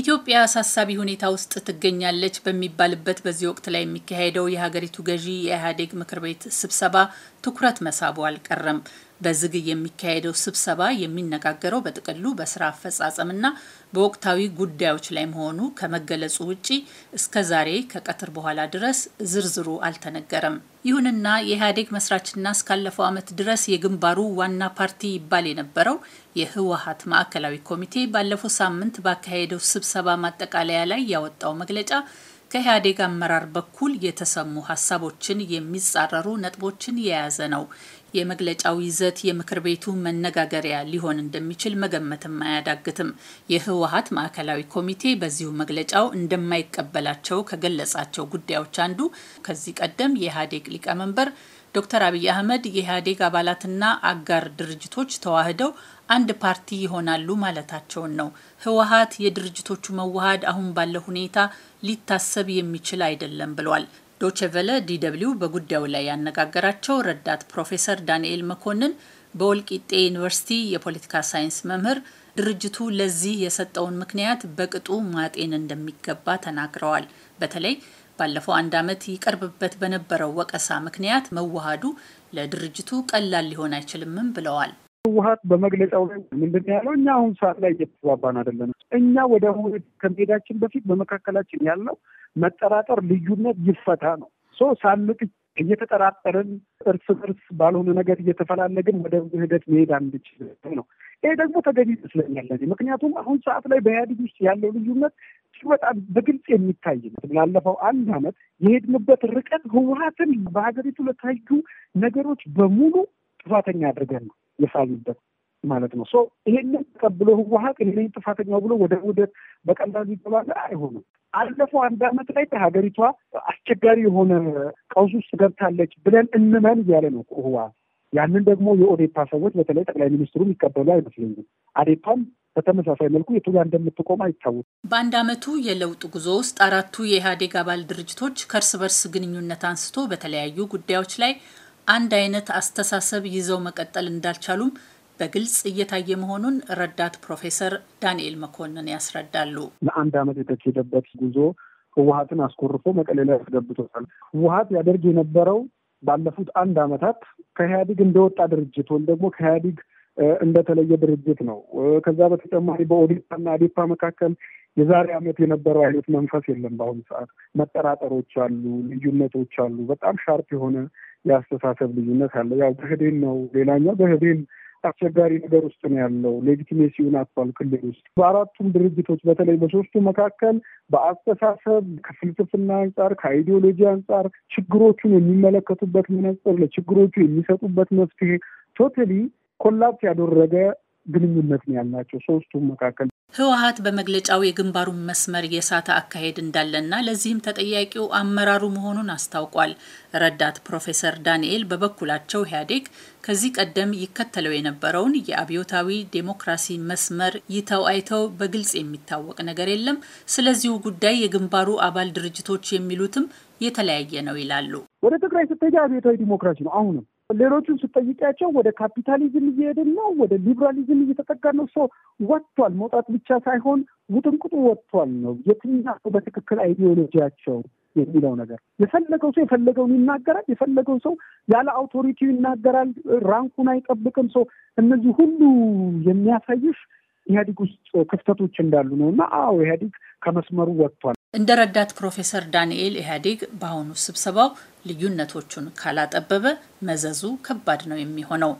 ኢትዮጵያ አሳሳቢ ሁኔታ ውስጥ ትገኛለች በሚባልበት በዚህ ወቅት ላይ የሚካሄደው የሀገሪቱ ገዢ የኢህአዴግ ምክር ቤት ስብሰባ ትኩረት መሳቡ አልቀረም። በዝግ የሚካሄደው ስብሰባ የሚነጋገረው በጥቅሉ በስራ አፈጻጸምና በወቅታዊ ጉዳዮች ላይ መሆኑ ከመገለጹ ውጪ እስከ ዛሬ ከቀትር በኋላ ድረስ ዝርዝሩ አልተነገረም። ይሁንና የኢህአዴግ መስራችና እስካለፈው ዓመት ድረስ የግንባሩ ዋና ፓርቲ ይባል የነበረው የህወሀት ማዕከላዊ ኮሚቴ ባለፈው ሳምንት ባካሄደው ስብሰባ ማጠቃለያ ላይ ያወጣው መግለጫ ከኢህአዴግ አመራር በኩል የተሰሙ ሀሳቦችን የሚጻረሩ ነጥቦችን የያዘ ነው። የመግለጫው ይዘት የምክር ቤቱ መነጋገሪያ ሊሆን እንደሚችል መገመትም አያዳግትም። የህወሀት ማዕከላዊ ኮሚቴ በዚሁ መግለጫው እንደማይቀበላቸው ከገለጻቸው ጉዳዮች አንዱ ከዚህ ቀደም የኢህአዴግ ሊቀመንበር ዶክተር አብይ አህመድ የኢህአዴግ አባላትና አጋር ድርጅቶች ተዋህደው አንድ ፓርቲ ይሆናሉ ማለታቸውን ነው። ህወሀት የድርጅቶቹ መዋሃድ አሁን ባለው ሁኔታ ሊታሰብ የሚችል አይደለም ብሏል። ዶቸቨለ ዲደብሊው በጉዳዩ ላይ ያነጋገራቸው ረዳት ፕሮፌሰር ዳንኤል መኮንን በወልቂጤ ዩኒቨርሲቲ የፖለቲካ ሳይንስ መምህር ድርጅቱ ለዚህ የሰጠውን ምክንያት በቅጡ ማጤን እንደሚገባ ተናግረዋል። በተለይ ባለፈው አንድ ዓመት ይቀርብበት በነበረው ወቀሳ ምክንያት መዋሃዱ ለድርጅቱ ቀላል ሊሆን አይችልምም ብለዋል። ህወሀት በመግለጫው ላይ ምንድን ያለው እኛ አሁን ሰዓት ላይ እየተባባን አይደለንም። እኛ ወደ ውህድ ከመሄዳችን በፊት በመካከላችን ያለው መጠራጠር፣ ልዩነት ይፈታ ነው ሶ ሳምቅ እየተጠራጠርን እርስ በርስ ባልሆነ ነገር እየተፈላለግን ወደ ውህደት መሄድ አንችልም ነው። ይሄ ደግሞ ተገቢ ይመስለኛል። ምክንያቱም አሁን ሰዓት ላይ በኢህአዴግ ውስጥ ያለው ልዩነት እሱ በጣም በግልጽ የሚታይ ነው። ላለፈው አንድ ዓመት የሄድንበት ርቀት ህወሀትን በሀገሪቱ ለታዩ ነገሮች በሙሉ ጥፋተኛ አድርገን ነው የሳሉበት ማለት ነው። ይሄንን ተቀብሎ ህወሀት ይሄ ጥፋተኛው ብሎ ወደ ውህደት በቀላሉ ይገባል አይሆኑም። አለፈው አንድ ዓመት ላይ ሀገሪቷ አስቸጋሪ የሆነ ቀውስ ውስጥ ገብታለች ብለን እንመን እያለ ነው ህወሀት። ያንን ደግሞ የኦዴፓ ሰዎች በተለይ ጠቅላይ ሚኒስትሩም ይቀበሉ አይመስለኝም። አዴፓም በተመሳሳይ መልኩ የቱ ጋር እንደምትቆም አይታወቅም። በአንድ ዓመቱ የለውጥ ጉዞ ውስጥ አራቱ የኢህአዴግ አባል ድርጅቶች ከእርስ በርስ ግንኙነት አንስቶ በተለያዩ ጉዳዮች ላይ አንድ አይነት አስተሳሰብ ይዘው መቀጠል እንዳልቻሉም በግልጽ እየታየ መሆኑን ረዳት ፕሮፌሰር ዳንኤል መኮንን ያስረዳሉ። ለአንድ አመት የተኬደበት ጉዞ ህወሀትን አስኮርፎ መቀሌ ላይ ያስገብቶታል። ህወሀት ያደርግ የነበረው ባለፉት አንድ ዓመታት ከኢህአዴግ እንደወጣ ድርጅት ወይም ደግሞ ከኢህአዴግ እንደተለየ ድርጅት ነው። ከዛ በተጨማሪ በኦዲፓና አዴፓ መካከል የዛሬ ዓመት የነበረው አይነት መንፈስ የለም። በአሁኑ ሰዓት መጠራጠሮች አሉ፣ ልዩነቶች አሉ። በጣም ሻርፕ የሆነ የአስተሳሰብ ልዩነት አለ። ያው በህዴን ነው ሌላኛው በህዴን አስቸጋሪ ነገር ውስጥ ነው ያለው። ሌጊቲሜሲውን አጥቷል ክልል ውስጥ በአራቱም ድርጅቶች በተለይ በሶስቱ መካከል በአስተሳሰብ ከፍልስፍና አንጻር ከአይዲዮሎጂ አንጻር ችግሮቹን የሚመለከቱበት መነጽር፣ ለችግሮቹ የሚሰጡበት መፍትሄ ቶታሊ ኮላፕስ ያደረገ ግንኙነት ነው ያልናቸው ሶስቱም መካከል። ህወሀት በመግለጫው የግንባሩን መስመር የሳተ አካሄድ እንዳለና ለዚህም ተጠያቂው አመራሩ መሆኑን አስታውቋል። ረዳት ፕሮፌሰር ዳንኤል በበኩላቸው ኢህአዴግ ከዚህ ቀደም ይከተለው የነበረውን የአብዮታዊ ዴሞክራሲ መስመር ይተው አይተው በግልጽ የሚታወቅ ነገር የለም። ስለዚሁ ጉዳይ የግንባሩ አባል ድርጅቶች የሚሉትም የተለያየ ነው ይላሉ። ወደ ትግራይ ስትሄድ አብዮታዊ ዲሞክራሲ ነው አሁንም ሌሎቹን ስጠይቂያቸው ወደ ካፒታሊዝም እየሄድን ነው፣ ወደ ሊብራሊዝም እየተጠጋ ነው። ሰው ወጥቷል። መውጣት ብቻ ሳይሆን ውጥንቅጡ ወጥቷል ነው የትኛው በትክክል አይዲዮሎጂያቸው የሚለው ነገር የፈለገው ሰው የፈለገውን ይናገራል። የፈለገው ሰው ያለ አውቶሪቲ ይናገራል። ራንኩን አይጠብቅም ሰው። እነዚህ ሁሉ የሚያሳይሽ ኢህአዲግ ውስጥ ክፍተቶች እንዳሉ ነው። እና አዎ ኢህአዲግ ከመስመሩ ወጥቷል። እንደ ረዳት ፕሮፌሰር ዳንኤል ኢህአዴግ በአሁኑ ስብሰባው ልዩነቶቹን ካላጠበበ መዘዙ ከባድ ነው የሚሆነው።